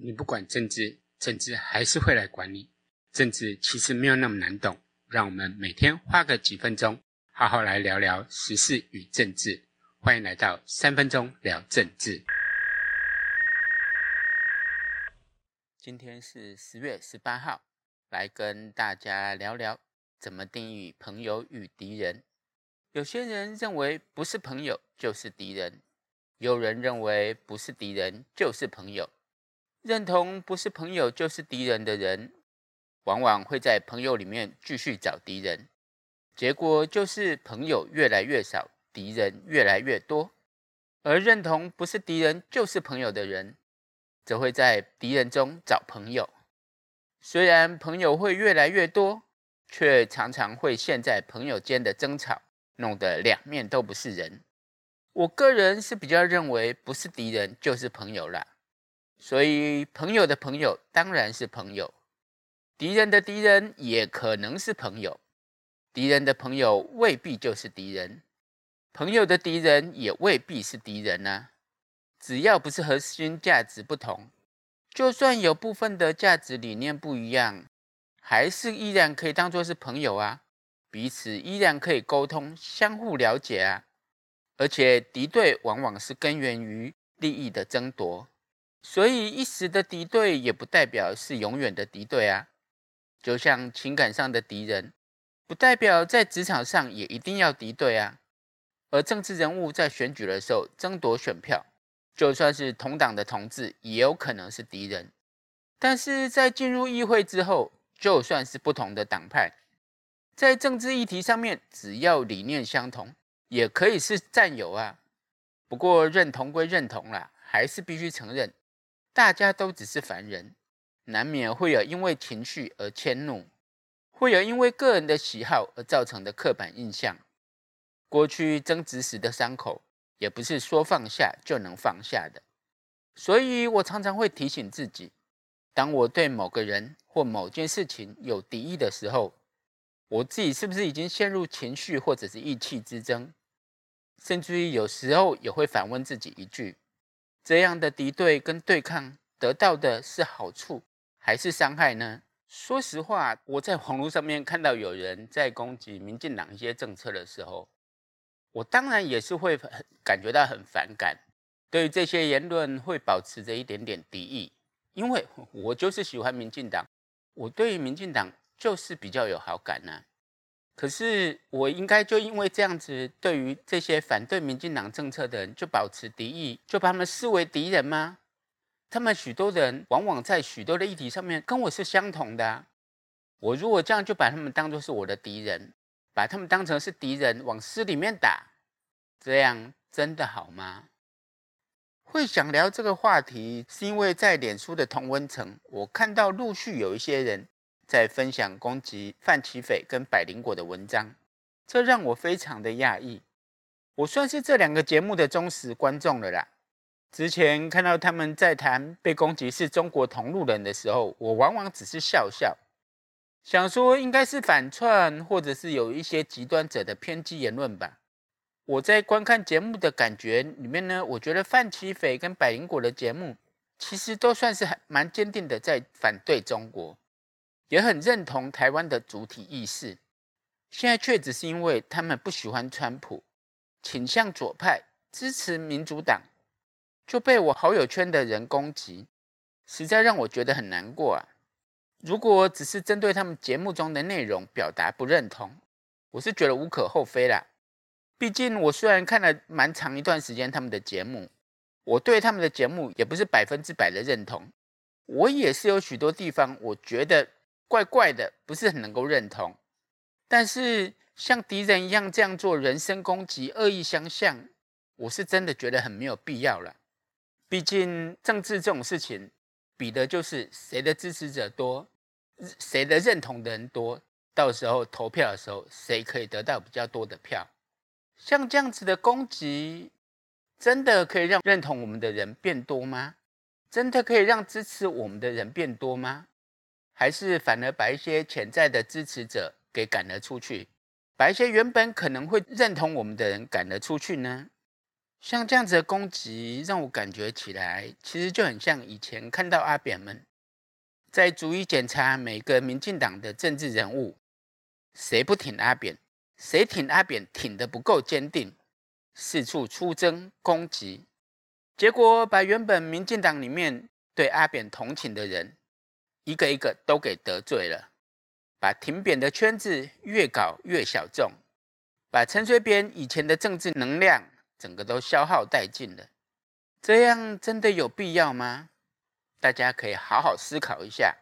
你不管政治，政治還是會來管你。政治其實沒有那麼難懂，讓我們每天花個幾分鐘，好好來聊聊時事與政治。歡迎來到三分鐘聊政治。今天是十月十八號，來跟大家聊聊怎麼定義朋友與敵人。有些人認為不是朋友就是敵人，有人認為不是敵人就是朋友。認同不是朋友就是敵人的人，往往會在朋友裡面繼續找敵人，結果就是朋友越來越少，敵人越來越多；而認同不是敵人就是朋友的人，則會在敵人中找朋友，雖然朋友會越來越多，卻常常會陷在朋友間的爭吵，弄得兩面都不是人。我個人是比較認為，不是敵人就是朋友啦。所以，朋友的朋友當然是朋友，敵人的敵人也可能是朋友，敵人的朋友未必就是敵人，朋友的敵人也未必是敵人啊。只要不是核心價值不同，就算有部分的價值理念不一樣，還是依然可以當作是朋友啊，彼此依然可以溝通、相互了解啊。而且，敵對往往是根源於利益的爭奪。所以一時的敵對也不代表是永遠的敵對啊，就像情感上的敵人，不代表在職場上也一定要敵對啊。而政治人物在選舉的時候爭奪選票，就算是同黨的同志，也有可能是敵人。但是在進入議會之後，就算是不同的黨派，在政治議題上面只要理念相同，也可以是戰友啊。不過認同歸認同啦，還是必須承認。大家都只是凡人，難免會有因為情緒而遷怒，會有因為個人的喜好而造成的刻板印象。過去爭執時的傷口，也不是說放下就能放下的。所以我常常會提醒自己，當我對某個人或某件事情有敵意的時候，我自己是不是已經陷入情緒或者是意氣之爭？甚至於有時候也會反問自己一句。這樣的敵對跟對抗，得到的是好處還是傷害呢？說實話，我在網路上面看到有人在攻擊民進黨一些政策的時候，我當然也是會很感覺到很反感，對於這些言論會保持着一點點敵意，因為我就是喜歡民進黨，我對於民進黨就是比較有好感呢、啊。可是我應該就因為這樣子，對於這些反對民進黨政策的人，就保持敵意，就把他們視為敵人嗎？他們許多人往往在許多的議題上面跟我是相同的啊。我如果這樣就把他們當作是我的敵人，把他們當成是敵人往死裡面打，這樣真的好嗎？會想聊這個話題，是因為在臉書的同溫層，我看到陸續有一些人。在分享攻擊范琪斐跟百靈果的文章，這讓我非常的訝異。我算是這兩個節目的忠實觀眾了啦。之前看到他們在談被攻擊是中國同路人的時候，我往往只是笑笑，想說應該是反串，或者是有一些極端者的偏激言論吧。我在觀看節目的感覺裡面呢，我覺得范琪斐跟百靈果的節目其實都算是蠻堅定的，在反對中國。也很認同台灣的主體意識，現在卻只是因為他們不喜歡川普，傾向左派，支持民主黨，就被我好友圈的人攻擊，實在讓我覺得很難過啊！如果只是針對他們節目中的內容表達不認同，我是覺得無可厚非啦。畢竟我雖然看了蠻長一段時間他們的節目，我對他們的節目也不是百分之百的認同，我也是有許多地方我覺得。怪怪的，不是很能夠認同。但是像敵人一樣這樣做人身攻擊、惡意相向，我是真的覺得很沒有必要了。畢竟政治這種事情，比的就是誰的支持者多，誰的認同的人多。到時候投票的時候，誰可以得到比較多的票。像這樣子的攻擊，真的可以讓認同我們的人變多嗎？真的可以讓支持我們的人變多嗎？還是反而把一些潛在的支持者給趕了出去，把一些原本可能會認同我們的人趕了出去呢？像這樣子的攻擊，讓我感覺起來，其實就很像以前看到阿扁們在逐一檢查每個民進黨的政治人物，誰不挺阿扁，誰挺阿扁挺得不夠堅定，四處出征攻擊，結果把原本民進黨裡面對阿扁同情的人。一個一個都給得罪了，把挺扁的圈子越搞越小眾，把陳水扁以前的政治能量整個都消耗殆盡了。這樣真的有必要嗎？大家可以好好思考一下。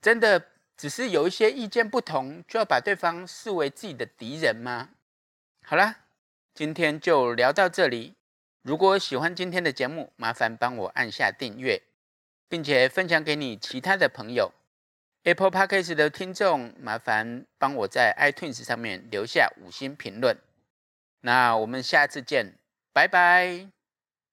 真的只是有一些意見不同，就要把對方視為自己的敵人嗎？好啦，今天就聊到這裡。如果喜歡今天的節目，麻煩幫我按下訂閱。並且分享給你其他的朋友，Apple Podcast 的聽眾，麻煩幫我在 iTunes 上面留下五星評論。那我們下次見，拜拜。